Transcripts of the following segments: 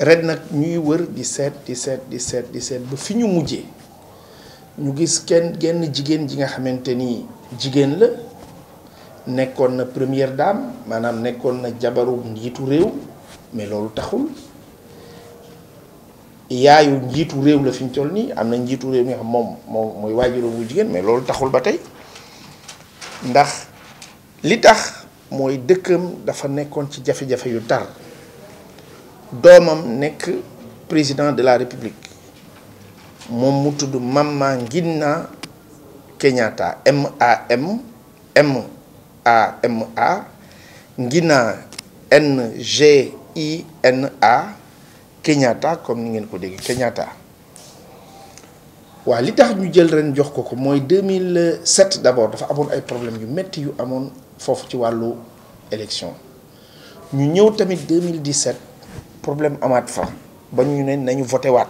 ret nag ñuy wër di seet di seet di seet di seet ba fi ñu mujjee ñu gis kenn genn jigéen ji nga xamante ni jigéen la nekkoon na première dame maanaam nekkoon na jabaru njiitu réew mais loolu taxul yaayu njiitu réew la fi ñu nii am na njiitu réew mi nga xam moom moom mooy waajuram bu jigéen mais loolu taxul ba tey ndax li tax mooy dëkkam dafa nekkoon ci jafe-jafe yu tar doomam nekk président de la république moom mu tudd Mama Ngina Kenyatta M A M M A M A G I N A Kenyatta comme ni ngeen ko dégg Kenyatta. wa li tax ñu jël ren jox ko ko moy 2007 d'abord abon dafa problem. ay problème yu metti yu amone fofu ci walu élection ñu ñëw tamit 2017 problème amat fa ba ñu ne nañu voter wat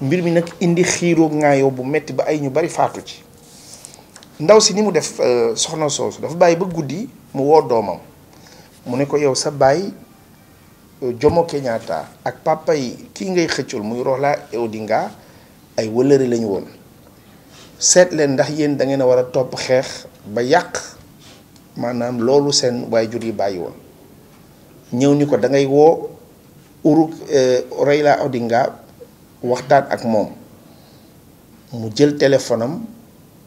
mbir mi nak indi xiiroo ŋaayoo bu metti ba ay ñu bari faatu ci ndaw si ni mu def euh, soxna soosu dafa bàyyi ba guddii mu woo doomam mu ne ko yow sa bàyyi euh, Jomo kenyata ak papa yi ki ngay xëccul muy rohla Odinga ay wëlëri lañu woon seet leen ndax yéen da ngeen a war a topp xeex ba yàq maanaam loolu seen waajur yi bàyyi woon ñëw ni da ngay woo uruk eh, rayla Odinga waxtaat ak moom mu jël téléphone am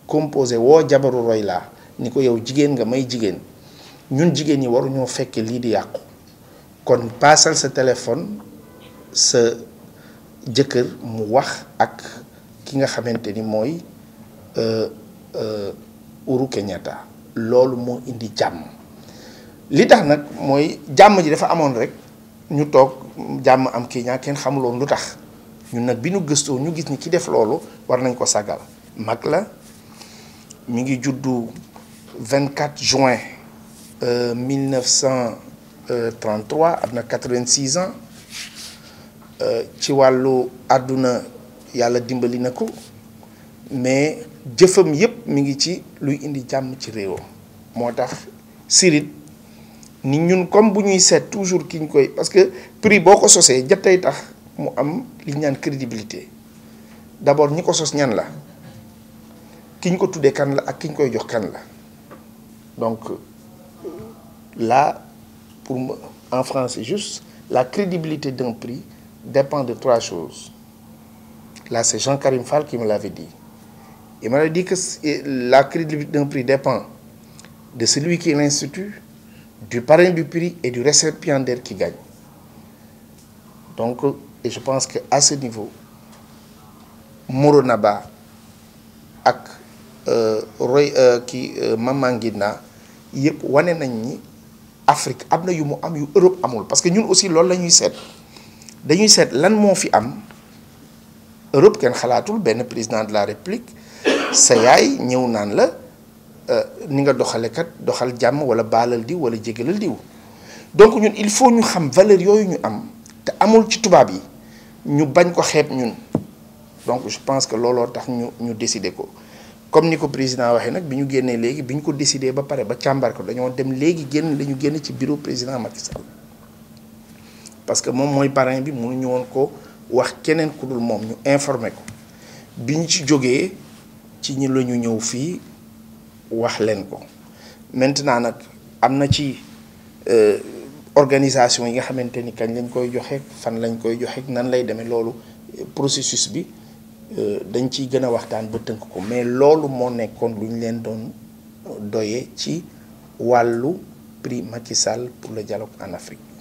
composé woo jabaru rayla ni ko yow jigéen nga may jigéen ñun jigéen ñi waruñoo fekke lii di yàqu kon paasal sa téléphone sa jëkkër mu wax ak ki nga xamante ni mooy euh, euh, uru kenyata loolu moo indi jàmm li tax nag mooy jàmm ji dafa amoon rek ñu toog jàmm am Kenya kenn xamuloon lu tax ñun nag bi ñu gëstoo ñu gis ni ki def loolu war nañ ko sagal mag la mi ngi juddu 24 juin 1933 euh, am na 86 ans Euh, ci walu aduna yalla dimbali nako mais jëfam yep mi ngi ci luy indi jàmm ci rewo moo sirit ni ñun comme buñuy set toujours kiñ koy parce que prix boko sosé sosee jatay tax mu am li ñaan crédibilité d'abord ñiko sos ñan la kiñ ko tuddee kan la ak kiñ koy jox kan la donc euh, là pour en français juste la crédibilité d'un prix dépend de trois choses. Là, c'est Jean-Karim Fall qui me l'avait dit. Il m'avait dit que la crédibilité d'un prix dépend de celui qui l'institue, du parrain du prix et du récipiendaire qui gagne. Donc, je pense qu'à ce niveau, Moronaba ak euh, Roy euh, qui, euh, Mamangina yëpp wane Afrique Abna Yumo, Europe parce que nous aussi loolu la ñuy dañuy seet lan moo fi am Europe kenn xalaatul benn président de la république sa yaay ñëw naan la euh, ni nga doxale kat doxal jàmm wala baalal diw wala jégalal diw donc ñun il faut ñu xam valeur yooyu ñu am te amul ci tubaab yi ñu bañ ko xeeb ñun donc je pense que looloo tax ñu ñu décider ko comme ni ko président waxee nag bi ñu génnee léegi bi ñu ko décidé ba pare ba càmbar ko dañoo dem léegi génn la ñu génn ci bureau président Macky parce que moom mooy parrain bi mënuñu woon ko wax keneen ku dul moom ñu informé ko bi ñu ci jógee ci ñu la ñu ñëw fii wax leen ko maintenant nag am na ci euh, organisation yi nga xamante ni kañ lañ koy joxe fan lañ koy joxe nan lay demee loolu processus bi euh, dañ ci gën a waxtaan ba tënk ko mais loolu moo nekkoon lu ñu leen doon doyee ci wàllu prix Macky Sall pour le dialogue en Afrique